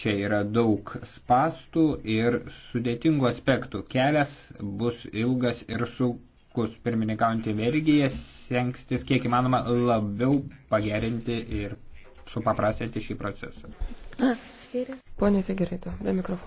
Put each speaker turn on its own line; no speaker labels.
Čia yra daug spastų ir sudėtingų aspektų. Kelias bus ilgas ir sunkus. Pirmininkaujantį Vergiją sengstis kiek įmanoma labiau pagerinti ir supaprastinti šį procesą.
Pone Figeraito, be mikrofono.